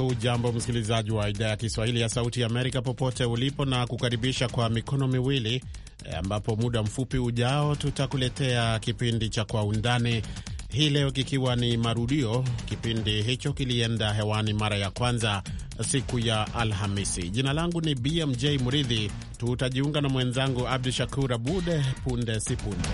Hujambo msikilizaji wa idhaa ya Kiswahili ya Sauti ya Amerika popote ulipo, na kukaribisha kwa mikono miwili eh, ambapo muda mfupi ujao tutakuletea kipindi cha Kwa Undani hii leo, kikiwa ni marudio. Kipindi hicho kilienda hewani mara ya kwanza siku ya Alhamisi. Jina langu ni BMJ Muridhi. Tutajiunga na mwenzangu Abdu Shakur Abud punde si punde.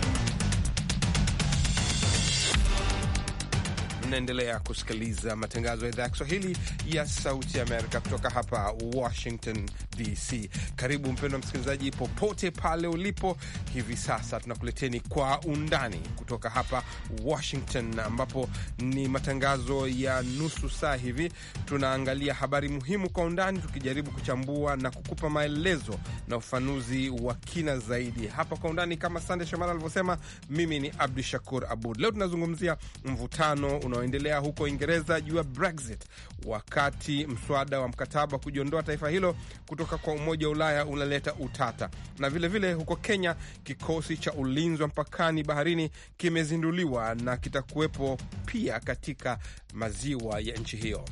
Mnaendelea kusikiliza matangazo ya idhaa ya Kiswahili ya Sauti ya Amerika kutoka hapa Washington DC. Karibu mpendwa msikilizaji, popote pale ulipo hivi sasa, tunakuleteni Kwa Undani kutoka hapa Washington, ambapo ni matangazo ya nusu saa hivi. Tunaangalia habari muhimu kwa undani, tukijaribu kuchambua na kukupa maelezo na ufanuzi wa kina zaidi hapa Kwa Undani. Kama Sande Shomara alivyosema, mimi ni Abdu Shakur Abud. Leo tunazungumzia mvutano una unaoendelea huko Uingereza juu ya Brexit, wakati mswada wa mkataba wa kujiondoa taifa hilo kutoka kwa Umoja wa Ulaya unaleta utata. Na vilevile vile huko Kenya, kikosi cha ulinzi wa mpakani baharini kimezinduliwa na kitakuwepo pia katika maziwa ya nchi hiyo.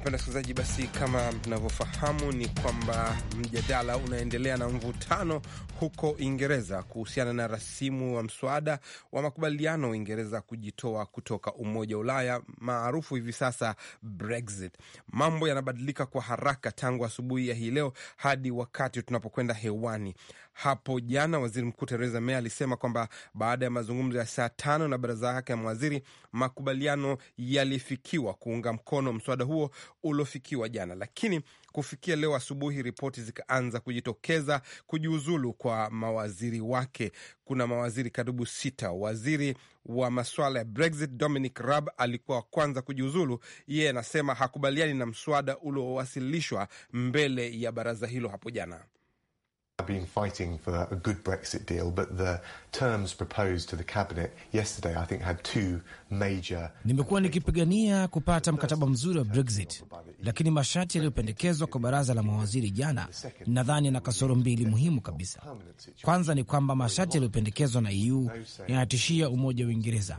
Wapenda wasikilizaji, basi kama mnavyofahamu ni kwamba mjadala unaendelea na mvutano huko Uingereza kuhusiana na rasimu wa mswada wa makubaliano wa Uingereza kujitoa kutoka Umoja wa Ulaya maarufu hivi sasa Brexit. Mambo yanabadilika kwa haraka tangu asubuhi ya hii leo hadi wakati tunapokwenda hewani hapo jana. Waziri Mkuu Theresa May alisema kwamba baada ya mazungumzo ya saa tano na baraza yake ya mawaziri, makubaliano yalifikiwa kuunga mkono mswada huo uliofikiwa jana, lakini kufikia leo asubuhi ripoti zikaanza kujitokeza kujiuzulu kwa mawaziri wake. Kuna mawaziri karibu sita. Waziri wa masuala ya Brexit Dominic Raab alikuwa wa kwanza kujiuzulu. Yeye anasema hakubaliani na mswada uliowasilishwa mbele ya baraza hilo hapo jana have been fighting for a good Brexit deal, but the terms proposed to the cabinet yesterday I think had two major... Uh, Nimekuwa nikipigania kupata mkataba mzuri wa uh, Brexit, lakini masharti yaliyopendekezwa kwa baraza la mawaziri jana, nadhani na kasoro mbili muhimu kabisa. Kwanza ni kwamba masharti yaliyopendekezwa na EU yanatishia umoja wa Uingereza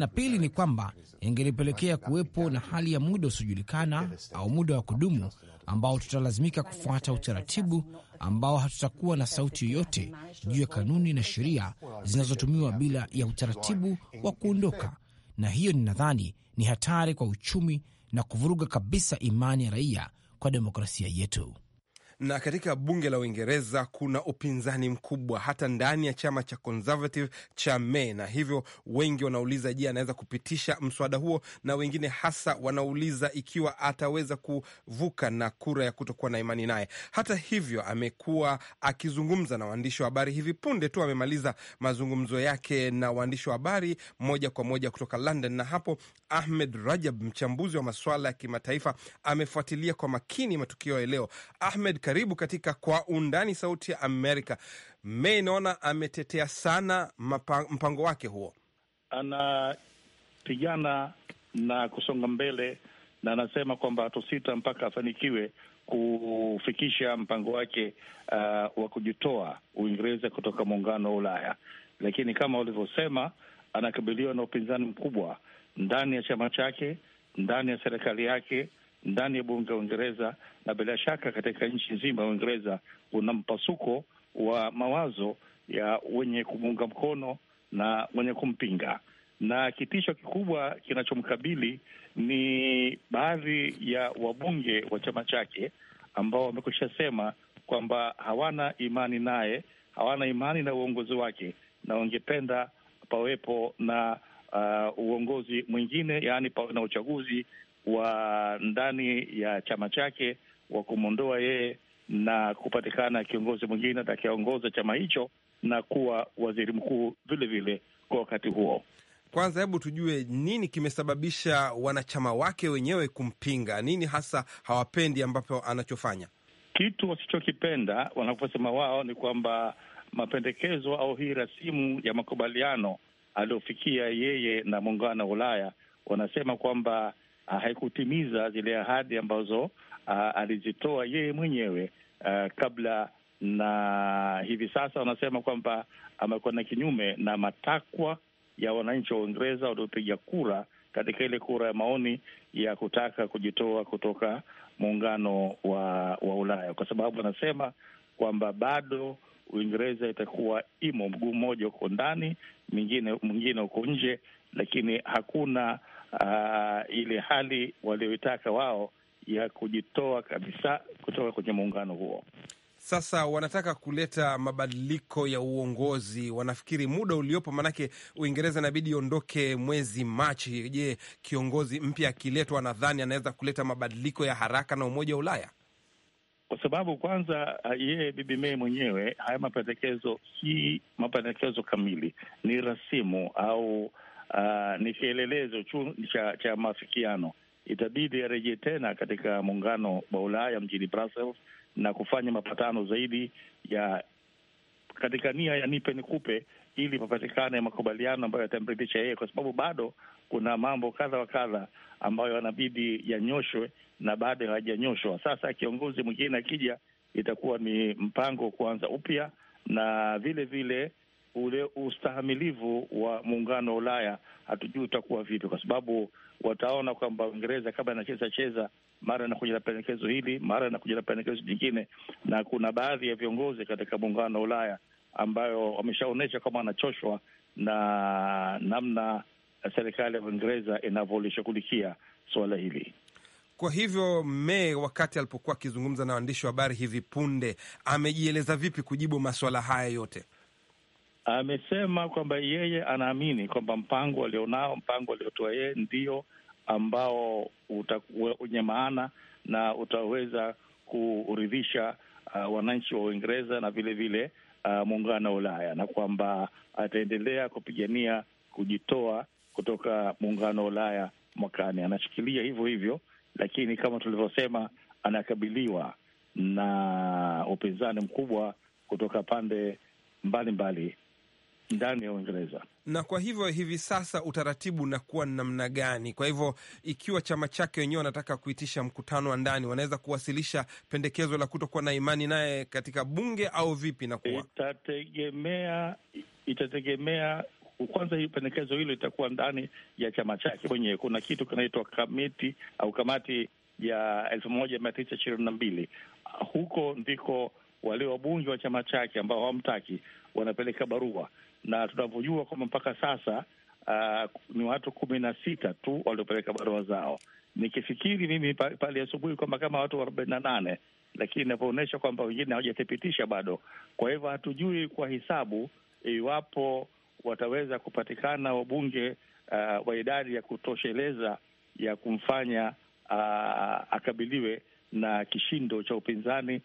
na pili ni kwamba ingelipelekea kuwepo na hali ya muda usiojulikana au muda wa kudumu ambao tutalazimika kufuata utaratibu ambao hatutakuwa na sauti yoyote juu ya kanuni na sheria zinazotumiwa bila ya utaratibu wa kuondoka, na hiyo ninadhani ni hatari kwa uchumi na kuvuruga kabisa imani ya raia kwa demokrasia yetu. Na katika bunge la Uingereza kuna upinzani mkubwa hata ndani ya chama cha Conservative cha May, na hivyo wengi wanauliza, je, anaweza kupitisha mswada huo? Na wengine hasa wanauliza ikiwa ataweza kuvuka na kura ya kutokuwa na imani naye. Hata hivyo, amekuwa akizungumza na waandishi wa habari. Hivi punde tu amemaliza mazungumzo yake na waandishi wa habari moja kwa moja kutoka London, na hapo Ahmed Rajab, mchambuzi wa masuala ya kimataifa, amefuatilia kwa makini matukio ya leo. Ahmed karibu katika Kwa Undani, Sauti ya Amerika. me naona ametetea sana mpango wake huo, anapigana na kusonga mbele na anasema kwamba hatusita mpaka afanikiwe kufikisha mpango wake uh, wa kujitoa Uingereza kutoka muungano wa Ulaya. Lakini kama ulivyosema, anakabiliwa na upinzani mkubwa ndani ya chama chake, ndani ya serikali yake ndani ya bunge la Uingereza na bila shaka katika nchi nzima ya Uingereza kuna mpasuko wa mawazo ya wenye kumuunga mkono na wenye kumpinga, na kitisho kikubwa kinachomkabili ni baadhi ya wabunge wa chama chake ambao wamekwisha sema kwamba hawana imani naye, hawana imani na uongozi wake na wangependa pawepo na uh, uongozi mwingine, yaani pawe na uchaguzi wa ndani ya chama chake wa kumwondoa yeye na kupatikana kiongozi mwingine atakayeongoza chama hicho na kuwa waziri mkuu vile vile kwa wakati huo. Kwanza hebu tujue nini kimesababisha wanachama wake wenyewe kumpinga. Nini hasa hawapendi ambapo anachofanya? Kitu wasichokipenda wanaposema wao ni kwamba mapendekezo au hii rasimu ya makubaliano aliyofikia yeye na muungano wa Ulaya, wanasema kwamba Ah, haikutimiza zile ahadi ambazo uh, alizitoa yeye mwenyewe uh, kabla, na hivi sasa wanasema kwamba amekwenda kinyume na matakwa ya wananchi wa Uingereza waliopiga kura katika ile kura ya maoni ya kutaka kujitoa kutoka muungano wa, wa Ulaya kwa sababu anasema kwamba bado Uingereza itakuwa imo mguu mmoja huko ndani, mwingine mwingine nje, lakini hakuna uh, ile hali walioitaka wao ya kujitoa kabisa kutoka kwenye muungano huo. Sasa wanataka kuleta mabadiliko ya uongozi, wanafikiri muda uliopo, maanake Uingereza inabidi iondoke mwezi Machi. Je, kiongozi mpya akiletwa, nadhani anaweza kuleta mabadiliko ya haraka na umoja wa Ulaya? Kwa sababu kwanza, uh, yeye Bibi Mei mwenyewe haya mapendekezo si mapendekezo kamili, ni rasimu au uh, ni kielelezo cha, cha maafikiano. Itabidi arejee tena katika muungano wa Ulaya mjini Brussels na kufanya mapatano zaidi ya katika nia ya nipe nikupe, ili papatikane makubaliano ambayo yatamridhisha yeye, kwa sababu bado kuna mambo kadha wa kadha ambayo yanabidi yanyoshwe na bado hayajanyoshwa. Sasa kiongozi mwingine akija, itakuwa ni mpango kuanza upya na vile vile ule ustahamilivu wa muungano wa Ulaya hatujui utakuwa vipi, kwa sababu wataona kwamba Uingereza kama inacheza cheza, mara inakuja na pendekezo hili, mara inakuja na pendekezo jingine, na kuna baadhi ya viongozi katika muungano wa Ulaya ambayo wameshaonyesha kama wanachoshwa na namna serikali ya Uingereza inavyolishughulikia suala hili. Kwa hivyo May wakati alipokuwa akizungumza na waandishi wa habari hivi punde, amejieleza vipi kujibu maswala haya yote? amesema kwamba yeye anaamini kwamba mpango alionao, mpango aliotoa yeye ndio ambao wenye maana na utaweza kuridhisha uh, wananchi wa Uingereza na vilevile uh, muungano wa Ulaya na kwamba ataendelea kupigania kujitoa kutoka muungano wa Ulaya mwakani. Anashikilia hivyo hivyo, lakini kama tulivyosema, anakabiliwa na upinzani mkubwa kutoka pande mbalimbali mbali ndani ya Uingereza. Na kwa hivyo hivi sasa utaratibu unakuwa namna gani? Kwa hivyo ikiwa chama chake wenyewe wanataka kuitisha mkutano wa ndani, wanaweza kuwasilisha pendekezo la kutokuwa na imani naye katika bunge au vipi? kuwa itategemea itategemea kwanza hii pendekezo hilo itakuwa ndani ya chama chake kwenye, Kuna kitu kinaitwa kamiti au kamati ya elfu moja mia tisa ishirini na mbili. Huko ndiko walio wabunge wa chama chake ambao hawamtaki wanapeleka barua na tunavyojua kwamba mpaka sasa uh, ni watu kumi na sita tu waliopeleka barua zao. Nikifikiri mimi pale asubuhi kwamba kama watu arobaini na nane, lakini inavyoonyesha kwamba wengine hawajathibitisha bado. Kwa hivyo hatujui kwa hesabu iwapo wataweza kupatikana wabunge uh, wa idadi ya kutosheleza ya kumfanya uh, akabiliwe na kishindo cha upinzani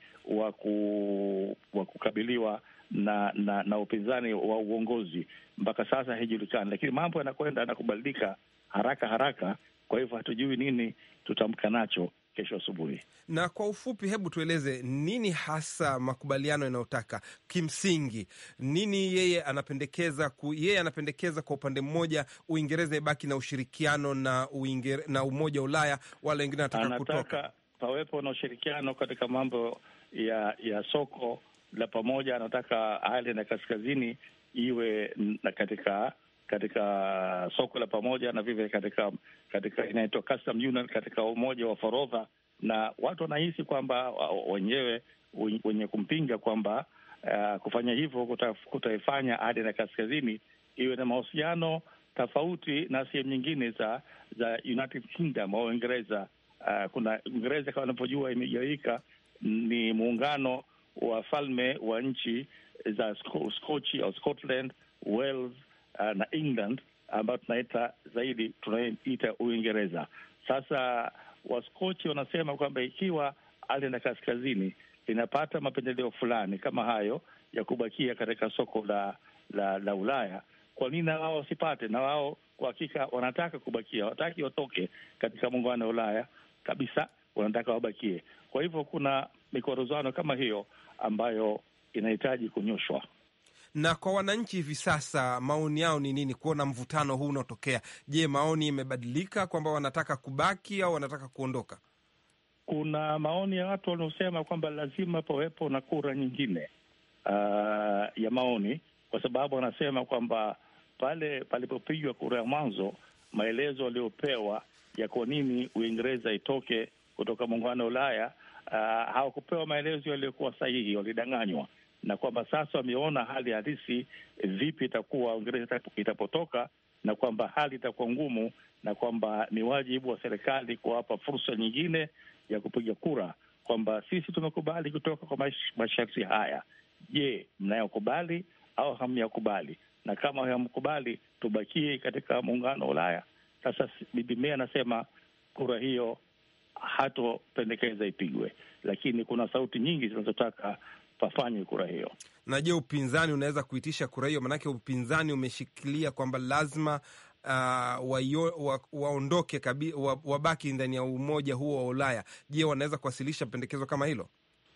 wa kukabiliwa na na, na upinzani wa uongozi mpaka sasa haijulikani, lakini mambo yanakwenda yanakubadilika haraka haraka. Kwa hivyo hatujui nini tutamka nacho kesho asubuhi. Na kwa ufupi, hebu tueleze nini hasa makubaliano yanayotaka kimsingi, nini yeye anapendekeza ku, yeye anapendekeza kwa upande mmoja Uingereza ibaki na ushirikiano na, uingere, na Umoja wa Ulaya, wala wengine anataka kutoka, pawepo na ushirikiano katika mambo ya ya soko la pamoja, anataka Ireland ya kaskazini iwe na katika katika soko la pamoja na vile katika katika inaitwa custom union, katika umoja wa forodha, na watu wanahisi kwamba wenyewe wenye kumpinga kwamba uh, kufanya hivyo kutaifanya Ireland ya kaskazini iwe na mahusiano tofauti na sehemu nyingine za za United Kingdom au Uingereza. Uh, kuna Uingereza kama wanavyojua imegawika, ni muungano wafalme wa nchi za Skochi au Scotland, Wales uh, na England ambayo tunaita zaidi tunaita Uingereza. Sasa Waskochi wanasema kwamba ikiwa Ireland kaskazini linapata mapendeleo fulani kama hayo ya kubakia katika soko la la, la Ulaya, kwa nini na wao wasipate? Na wao kwa hakika wanataka kubakia, wataki watoke katika muungano wa Ulaya kabisa, wanataka wabakie. Kwa hivyo kuna mikwaruzano kama hiyo ambayo inahitaji kunyoshwa. Na kwa wananchi hivi sasa, maoni yao ni nini kuona mvutano huu unaotokea? Je, maoni imebadilika kwamba wanataka kubaki au wanataka kuondoka? Kuna maoni ya watu wanaosema kwamba lazima pawepo na kura nyingine uh, ya maoni, kwa sababu wanasema kwamba pale palipopigwa kura ya mwanzo, maelezo waliopewa ya kwa nini Uingereza itoke kutoka muungano wa Ulaya Ah, hawakupewa maelezo yaliyokuwa sahihi, walidanganywa na kwamba sasa wameona hali halisi vipi itakuwa Uingereza itapotoka, na kwamba hali itakuwa ngumu, na kwamba ni wajibu wa serikali kuwapa fursa nyingine ya kupiga kura kwamba sisi tumekubali kutoka kwa masharti haya. Je, mnayokubali au hamyakubali? Na kama hamkubali, tubakie katika muungano wa Ulaya. Sasa Bibi May anasema kura hiyo hatopendekeza ipigwe, lakini kuna sauti nyingi zinazotaka pafanywe kura hiyo. Na je, upinzani unaweza kuitisha kura hiyo? Maanake upinzani umeshikilia kwamba lazima uh, waondoke wa wabaki wa ndani ya umoja huo wa Ulaya. Je, wanaweza kuwasilisha pendekezo kama hilo?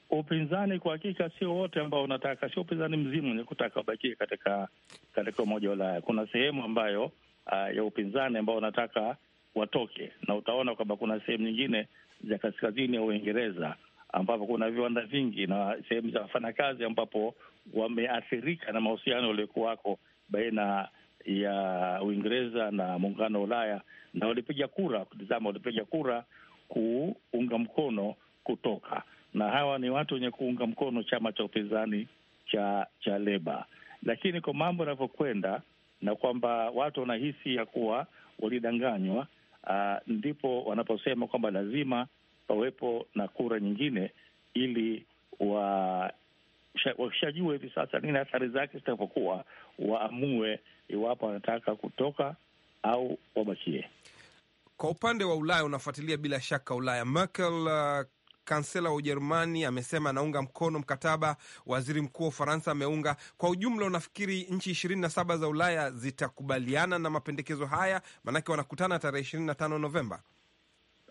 Upinzani kwa hakika sio wote ambao unataka, sio upinzani mzima wenye kutaka wabakie katika katika umoja wa Ulaya. Kuna sehemu ambayo uh, ya upinzani ambao unataka watoke, na utaona kwamba kuna sehemu nyingine za kaskazini ya Uingereza ambapo kuna viwanda vingi na sehemu za wafanyakazi ambapo wameathirika na mahusiano yaliyokuwako baina ya Uingereza na muungano wa Ulaya, na walipiga kura kutizama, walipiga kura kuunga mkono kutoka, na hawa ni watu wenye kuunga mkono chama cha upinzani cha cha Leba. Lakini kwa mambo yanavyokwenda na kwamba watu wanahisi ya kuwa walidanganywa uh, ndipo wanaposema kwamba lazima pawepo na kura nyingine ili wa hivi sasa nini athari zake zitakapokuwa, waamue iwapo wanataka kutoka au wabakie. Kwa upande wa Ulaya unafuatilia bila shaka Ulaya, Merkel ah, kansela wa Ujerumani amesema anaunga mkono mkataba, waziri mkuu wa Ufaransa ameunga. Kwa ujumla, unafikiri nchi ishirini na saba za Ulaya zitakubaliana na mapendekezo haya? Maanake wanakutana tarehe ishirini na tano Novemba.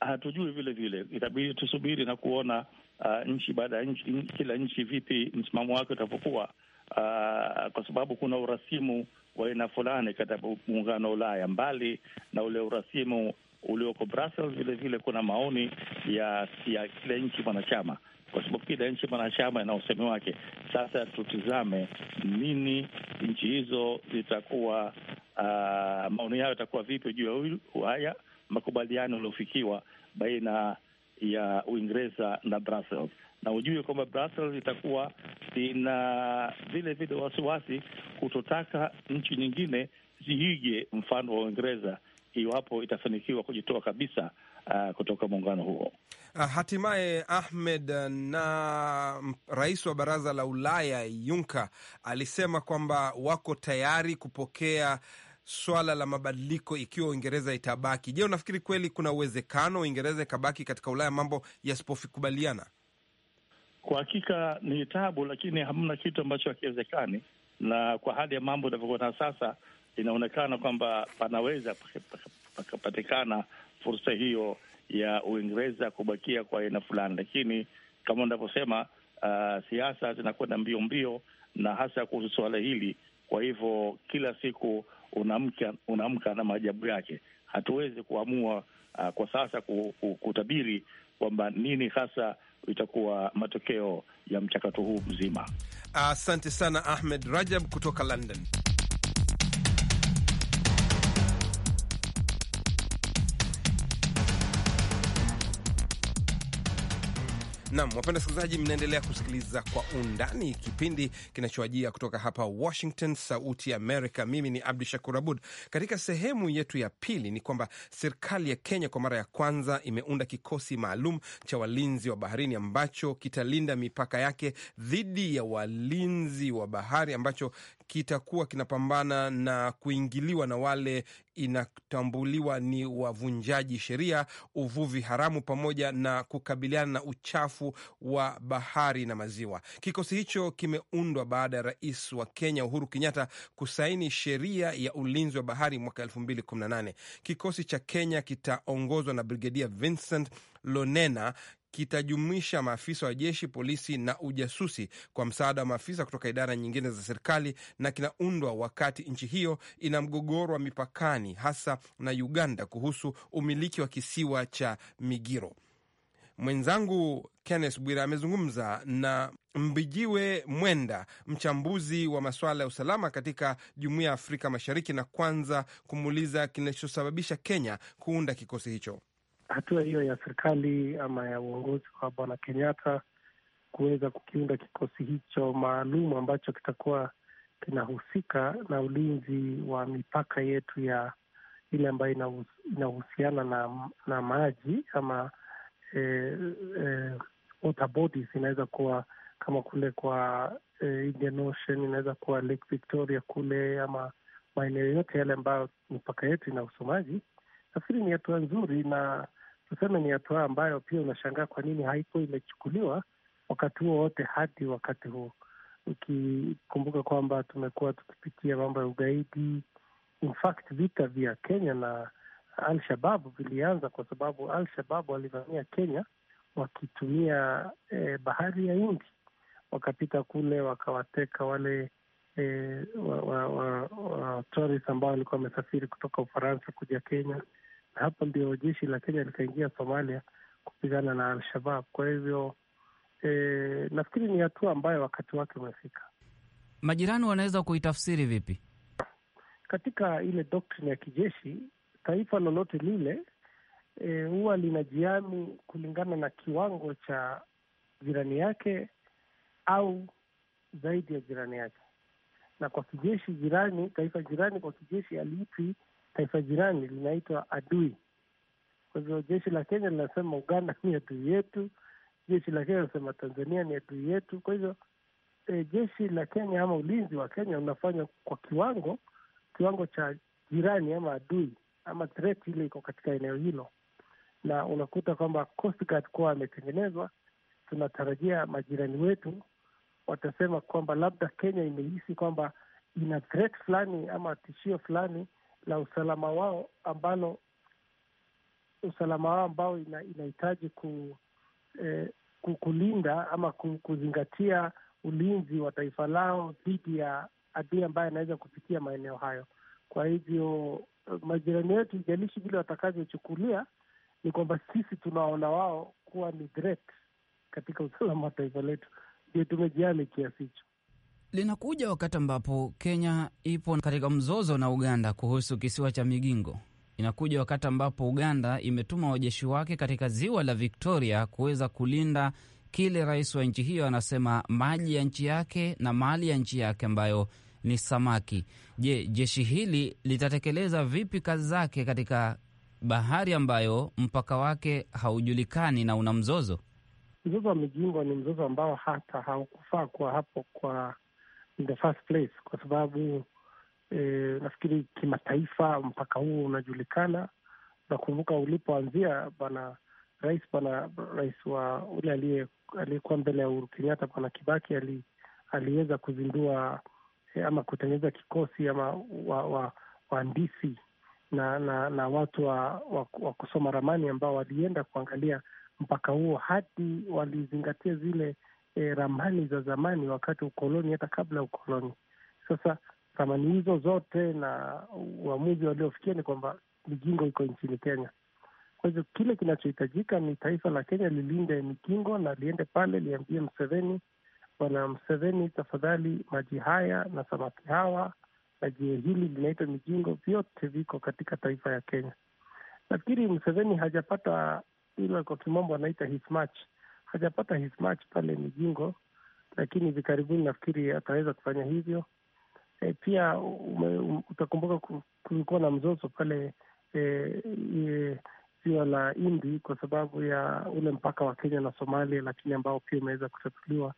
Hatujui vile vile, itabidi tusubiri na kuona uh, nchi baada ya nchi, kila nchi vipi msimamo wake utapokuwa uh, kwa sababu kuna urasimu wa aina fulani katika muungano wa Ulaya, mbali na ule urasimu ulioko Brussels. Vile vile kuna maoni ya ya kila nchi mwanachama, kwa sababu kila nchi mwanachama ina usemi wake. Sasa tutizame nini nchi hizo zitakuwa, uh, maoni yao yatakuwa vipi juu ya haya makubaliano yaliyofikiwa baina ya Uingereza na Brussels na ujue kwamba Brussels itakuwa ina vile vile wasiwasi kutotaka nchi nyingine ziige mfano wa Uingereza iwapo itafanikiwa kujitoa kabisa uh, kutoka muungano huo. Uh, hatimaye Ahmed, uh, na rais wa baraza la Ulaya yunka alisema kwamba wako tayari kupokea swala la mabadiliko ikiwa Uingereza itabaki. Je, unafikiri kweli kuna uwezekano Uingereza ikabaki katika Ulaya mambo yasipokubaliana Kwa hakika ni tabu, lakini hamna kitu ambacho hakiwezekani, na kwa hali ya mambo inavyokuwa na sasa inaonekana kwamba panaweza pakapatikana fursa hiyo ya Uingereza kubakia kwa aina fulani, lakini kama unavyosema, uh, siasa zinakwenda mbio mbio na hasa kuhusu suala hili. Kwa hivyo kila siku unaamka na maajabu yake. Hatuwezi kuamua uh, kwa sasa kutabiri kwamba nini hasa itakuwa matokeo ya mchakato huu mzima. Asante uh, sana Ahmed Rajab kutoka London. Nam, wapenda wasikilizaji, mnaendelea kusikiliza Kwa Undani, kipindi kinachoajia kutoka hapa Washington, Sauti ya Amerika. Mimi ni Abdu Shakur Abud. Katika sehemu yetu ya pili ni kwamba serikali ya Kenya kwa mara ya kwanza imeunda kikosi maalum cha walinzi wa baharini ambacho kitalinda mipaka yake dhidi ya walinzi wa bahari ambacho kitakuwa kinapambana na kuingiliwa na wale inatambuliwa ni wavunjaji sheria, uvuvi haramu, pamoja na kukabiliana na uchafu wa bahari na maziwa. Kikosi hicho kimeundwa baada ya rais wa Kenya Uhuru Kenyatta kusaini sheria ya ulinzi wa bahari mwaka 2018. Kikosi cha Kenya kitaongozwa na Brigedia Vincent Lonena kitajumuisha maafisa wa jeshi, polisi na ujasusi kwa msaada wa maafisa kutoka idara nyingine za serikali, na kinaundwa wakati nchi hiyo ina mgogoro wa mipakani, hasa na Uganda kuhusu umiliki wa kisiwa cha Migiro. Mwenzangu Kenneth Bwira amezungumza na Mbijiwe Mwenda, mchambuzi wa masuala ya usalama katika Jumuiya ya Afrika Mashariki, na kwanza kumuuliza kinachosababisha Kenya kuunda kikosi hicho hatua hiyo ya serikali ama ya uongozi wa bwana Kenyatta kuweza kukiunda kikosi hicho maalum ambacho kitakuwa kinahusika na ulinzi wa mipaka yetu ya ile ambayo inahusiana na na maji ama eh, eh, water bodies inaweza kuwa kama kule kwa eh, Indian Ocean, inaweza kuwa Lake Victoria kule ama maeneo yote yale ambayo mipaka yetu inahusu maji. Nafikiri ni hatua nzuri na tuseme ni hatua ambayo pia unashangaa kwa nini haikuwa imechukuliwa wakati huo wote hadi wakati huo ukikumbuka kwamba tumekuwa tukipitia mambo ya ugaidi. In fact vita vya Kenya na Al-Shababu vilianza kwa sababu Al-Shababu walivamia Kenya wakitumia eh, bahari ya Hindi, wakapita kule wakawateka wale eh, wa, wa, wa, wa tourist ambao walikuwa wamesafiri kutoka Ufaransa kuja Kenya hapo ndio jeshi la Kenya likaingia Somalia kupigana na Al-Shabab. Kwa hivyo e, nafikiri ni hatua ambayo wakati wake umefika. Majirani wanaweza kuitafsiri vipi? Katika ile doktrini ya kijeshi, taifa lolote lile e, huwa e, linajiami kulingana na kiwango cha jirani yake au zaidi ya jirani yake. Na kwa kijeshi jirani, taifa jirani kwa kijeshi aliipi taifa jirani linaitwa adui. Kwa hivyo jeshi la Kenya linasema Uganda ni adui yetu, jeshi la Kenya linasema Tanzania ni adui yetu. Kwa hivyo e, jeshi la Kenya ama ulinzi wa Kenya unafanywa kwa kiwango kiwango cha jirani ama adui ama threat ile iko katika eneo hilo, na unakuta kwamba Coast Guard kuwa ametengenezwa, tunatarajia majirani wetu watasema kwamba labda Kenya imehisi kwamba ina threat fulani ama tishio fulani la usalama wao ambalo usalama wao ambao inahitaji ku, eh, kulinda ama kuzingatia ulinzi wa taifa lao dhidi ya adui ambaye anaweza kufikia maeneo hayo. Kwa hivyo eh, majirani wetu, ijalishi vile watakavyochukulia, ni kwamba sisi tunaona wao kuwa ni threat katika usalama wa taifa letu, ndio tumejali kiasi hicho linakuja wakati ambapo Kenya ipo katika mzozo na Uganda kuhusu kisiwa cha Migingo. Inakuja wakati ambapo Uganda imetuma wajeshi wake katika ziwa la Victoria kuweza kulinda kile rais wa nchi hiyo anasema maji ya nchi yake na mali ya nchi yake ambayo ni samaki. Je, jeshi hili litatekeleza vipi kazi zake katika bahari ambayo mpaka wake haujulikani na una mzozo? Mzozo wa Migingo ni mzozo ambao hata haukufaa kuwa hapo kwa in the first place, kwa sababu eh, nafikiri kimataifa mpaka huo unajulikana. Nakumbuka ulipoanzia bwana rais bwana rais wa ule aliyekuwa mbele ya Uhuru Kenyatta bwana Kibaki ali, aliweza kuzindua eh, ama kutengeneza kikosi ama wa, wa, wa na, na na watu wa, wa, wa kusoma ramani ambao walienda kuangalia mpaka huo hadi walizingatia zile e, ramani za zamani wakati ukoloni, hata kabla ya ukoloni. Sasa ramani hizo zote na uamuzi waliofikia ni kwamba migingo iko nchini Kenya. Kwa hivyo kile kinachohitajika ni taifa la Kenya lilinde migingo na liende pale liambie Mseveni, Bwana Mseveni, tafadhali maji haya na samaki hawa na jiwe hili linaitwa migingo, vyote viko katika taifa ya Kenya. Nafikiri Mseveni hajapata ila kwa kimombo anaita his match hajapata his match pale Mijingo, lakini hivi karibuni nafikiri ataweza kufanya hivyo. E, pia um, utakumbuka kulikuwa na mzozo pale e, e, ziwa la indi kwa sababu ya ule mpaka wa Kenya na Somalia, lakini ambao pia umeweza kutatuliwa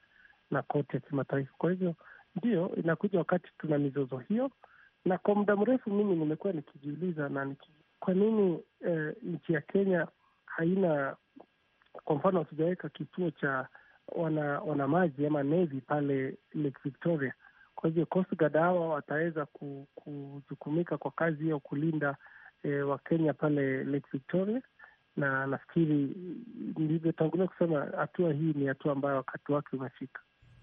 na koti ya kimataifa. Kwa hivyo ndio inakuja wakati tuna mizozo hiyo, na kwa muda mrefu mimi nimekuwa nikijiuliza na niki, kwa nini e, nchi ya Kenya haina kwa mfano hatujaweka kituo cha wana, wana maji ama nevi pale Lake Victoria. Kwa hivyo Coast Guard hawa wataweza kujukumika kwa kazi hiyo kulinda e, eh, Wakenya pale Lake Victoria, na nafikiri nilivyotangulia kusema hatua hii ni hatua ambayo wakati wake umefika.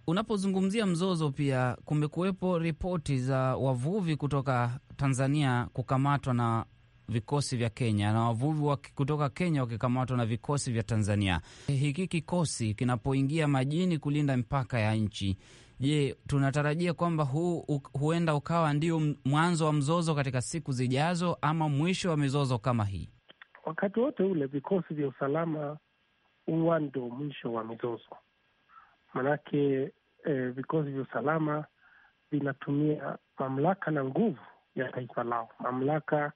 Unapozungumzia mzozo, pia kumekuwepo ripoti za wavuvi kutoka Tanzania kukamatwa na vikosi vya Kenya na wavuvi kutoka Kenya wakikamatwa na vikosi vya Tanzania. Hiki kikosi kinapoingia majini kulinda mipaka ya nchi, je, tunatarajia kwamba huu huenda ukawa ndio mwanzo wa mzozo katika siku zijazo ama mwisho wa mizozo kama hii? Wakati wote ule vikosi vya usalama huwa ndo mwisho wa mizozo, manake eh, vikosi vya usalama vinatumia mamlaka na nguvu ya taifa lao, mamlaka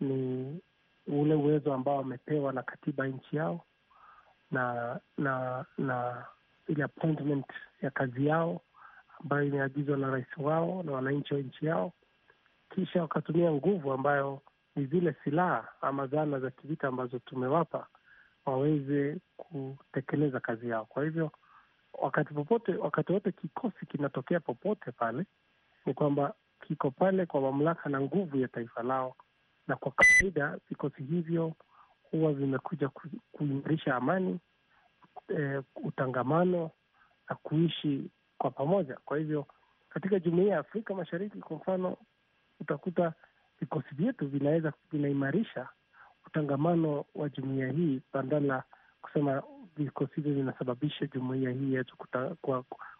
ni ule uwezo ambao wamepewa na katiba nchi yao na na na ile appointment ya kazi yao ambayo imeagizwa na rais wao na wananchi wa nchi yao, kisha wakatumia nguvu ambayo ni zile silaha ama zana za kivita ambazo tumewapa waweze kutekeleza kazi yao. Kwa hivyo wakati popote, wakati wote kikosi kinatokea popote pale, ni kwamba kiko pale kwa mamlaka na nguvu ya taifa lao na kwa kawaida vikosi hivyo huwa vimekuja kuimarisha amani e, utangamano na kuishi kwa pamoja. Kwa hivyo katika jumuiya ya Afrika Mashariki kwa mfano, utakuta vikosi vyetu vinaweza vinaimarisha utangamano wa jumuiya hii badala kusema vikosi hivyo vinasababisha jumuiya hii yetu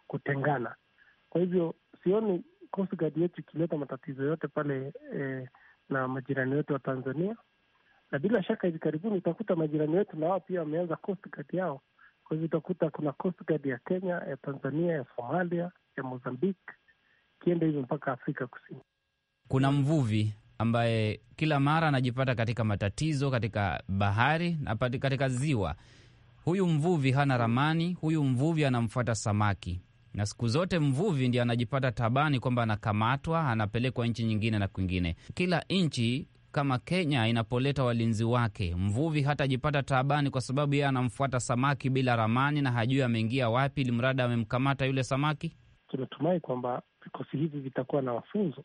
kutengana. Kwa hivyo sioni Coast Guard yetu ikileta matatizo yote pale eh, na majirani wetu wa Tanzania, na bila shaka hivi karibuni utakuta majirani wetu na wao pia wameanza coast guard yao. Kwa hivyo utakuta kuna coast guard ya Kenya, ya Tanzania, ya Somalia, ya Mozambique, ikienda hivyo mpaka Afrika Kusini. Kuna mvuvi ambaye kila mara anajipata katika matatizo katika bahari na katika ziwa. Huyu mvuvi hana ramani, huyu mvuvi anamfuata samaki na siku zote mvuvi ndio anajipata tabani kwamba anakamatwa, anapelekwa nchi nyingine na kwingine. Kila nchi kama Kenya inapoleta walinzi wake, mvuvi hatajipata taabani kwa sababu yeye anamfuata samaki bila ramani na hajui ameingia wapi, ili mradi amemkamata yule samaki. Tunatumai kwamba vikosi hivi vitakuwa na mafunzo,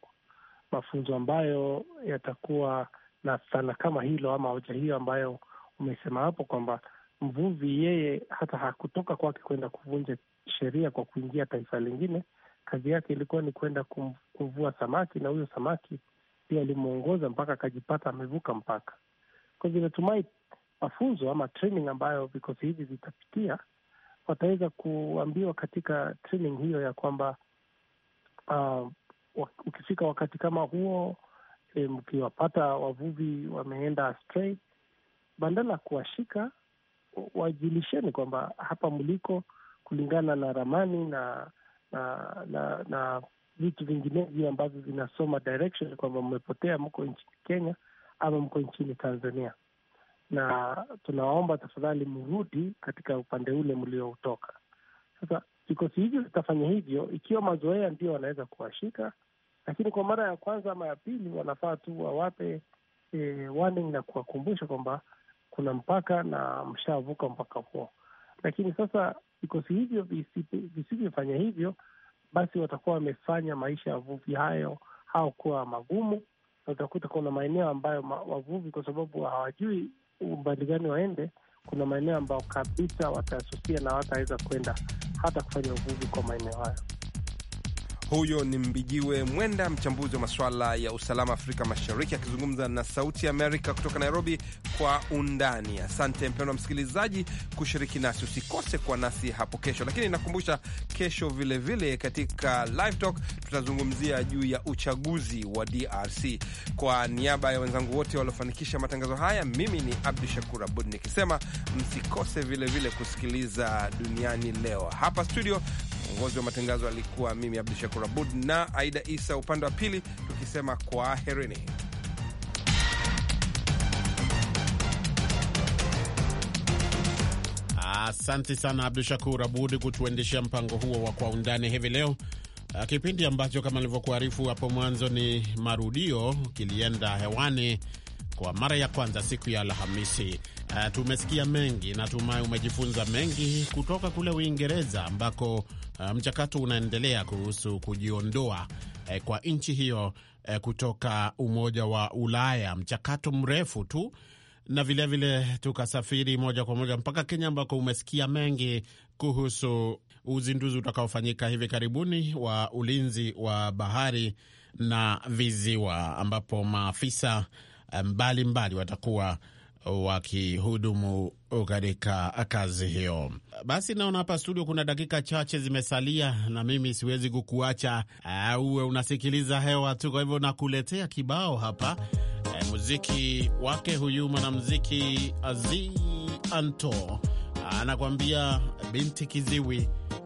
mafunzo ambayo yatakuwa na sana kama hilo ama hoja hiyo ambayo umesema hapo kwamba mvuvi yeye hata hakutoka kwake kwenda kuvunja sheria kwa kuingia taifa lingine, kazi yake ilikuwa ni kwenda kuvua samaki, na huyo samaki pia alimwongoza mpaka akajipata amevuka mpaka. Kwa hivyo natumai mafunzo ama training ambayo vikosi hivi vitapitia, wataweza kuambiwa katika training hiyo ya kwamba uh, ukifika wakati kama huo mkiwapata eh, mkiwapata wavuvi wameenda astray, badala ya kuwashika, wajulisheni kwamba hapa mliko kulingana na ramani na na na, na vitu vinginevyo ambavyo vinasoma direction kwamba mmepotea, mko nchini Kenya ama mko nchini Tanzania, na tunawaomba tafadhali mrudi katika upande ule mlioutoka. Sasa vikosi hivyo vitafanya hivyo ikiwa mazoea ndio wanaweza kuwashika, lakini kwa mara ya kwanza ama ya pili wanafaa tu wawape e, warning na kuwakumbusha kwamba kuna mpaka na mshavuka mpaka huo. Lakini sasa vikosi hivyo visivyofanya hivyo, basi watakuwa wamefanya maisha ya wavuvi hayo au kuwa magumu, na utakuta kuna maeneo ambayo ma, wavuvi kwa sababu hawajui umbali gani waende, kuna maeneo ambayo kabisa watasusia na wataweza kwenda hata kufanya uvuvi kwa maeneo hayo. Huyo ni Mbijiwe Mwenda, mchambuzi wa masuala ya usalama Afrika Mashariki, akizungumza na Sauti Amerika kutoka Nairobi. Kwa undani. Asante mpendwa msikilizaji kushiriki nasi, usikose kuwa nasi hapo kesho. Lakini nakumbusha, kesho vilevile vile katika Live Talk tutazungumzia juu ya uchaguzi wa DRC. Kwa niaba ya wenzangu wote waliofanikisha matangazo haya, mimi ni Abdu Shakur Abud nikisema msikose vilevile vile kusikiliza Duniani Leo hapa studio. Mwongozi wa matangazo alikuwa mimi Abdu Shakur Abud na Aida Isa upande wa pili, tukisema kwa herini. Asante sana Abdu Shakur Abud kutuendeshea mpango huo wa Kwa Undani hivi leo. Ah, kipindi ambacho kama nilivyokuarifu hapo mwanzo ni marudio, kilienda hewani kwa mara ya kwanza siku ya Alhamisi. Uh, tumesikia mengi na umejifunza mengi kutoka kule Uingereza ambako uh, mchakato unaendelea kuhusu kujiondoa uh, kwa nchi hiyo uh, kutoka Umoja wa Ulaya, mchakato mrefu tu na vilevile vile tukasafiri moja kwa moja mpaka Kenya ambako umesikia mengi kuhusu uzinduzi utakaofanyika hivi karibuni wa ulinzi wa bahari na viziwa ambapo maafisa Eh, mbalimbali mbali watakuwa wakihudumu katika kazi hiyo. Basi naona hapa studio kuna dakika chache zimesalia, na mimi siwezi kukuacha eh, uwe unasikiliza hewa tu. Kwa hivyo nakuletea kibao hapa, e, muziki wake huyu mwanamuziki Azi Anto anakuambia binti kiziwi.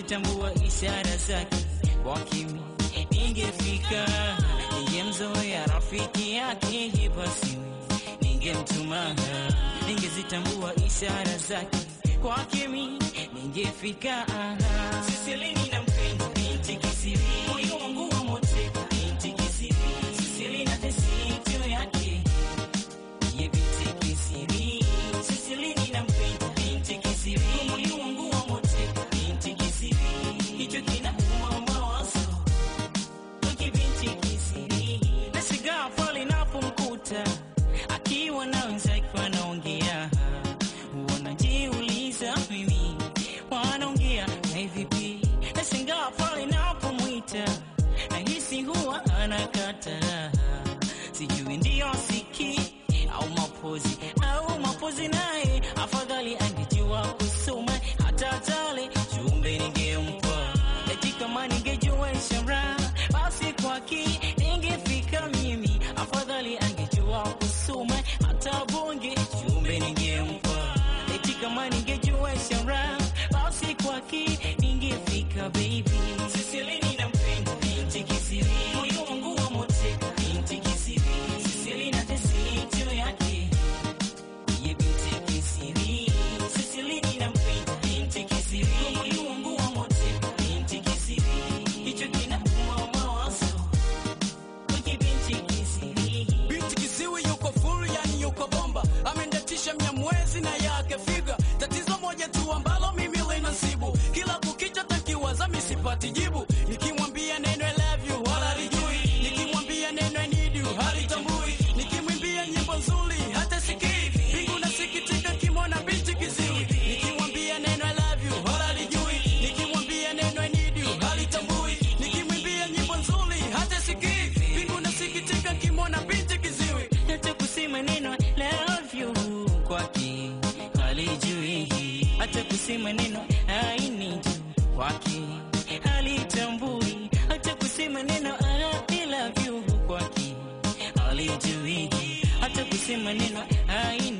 kuzitambua ishara zake kwa kimya. Ningefika ningemzoea rafiki yake, basiwe ningemtuma, ningezitambua ishara zake kwa kimya, ningefika Sisi lini na mpenzi binti kisiri mapozi au mapozi, naye afadhali angejua kusoma hata tale chumbe ningempa eti kama ningejua ishara basi kwake ningefika mimi, afadhali angejua kusoma hata bonge chumbe ningempa eti kama ningejua ishara basi kwake ningefika baby ambalo mimi linasibu kila kukicha takiwaza misipati jibu ay, no.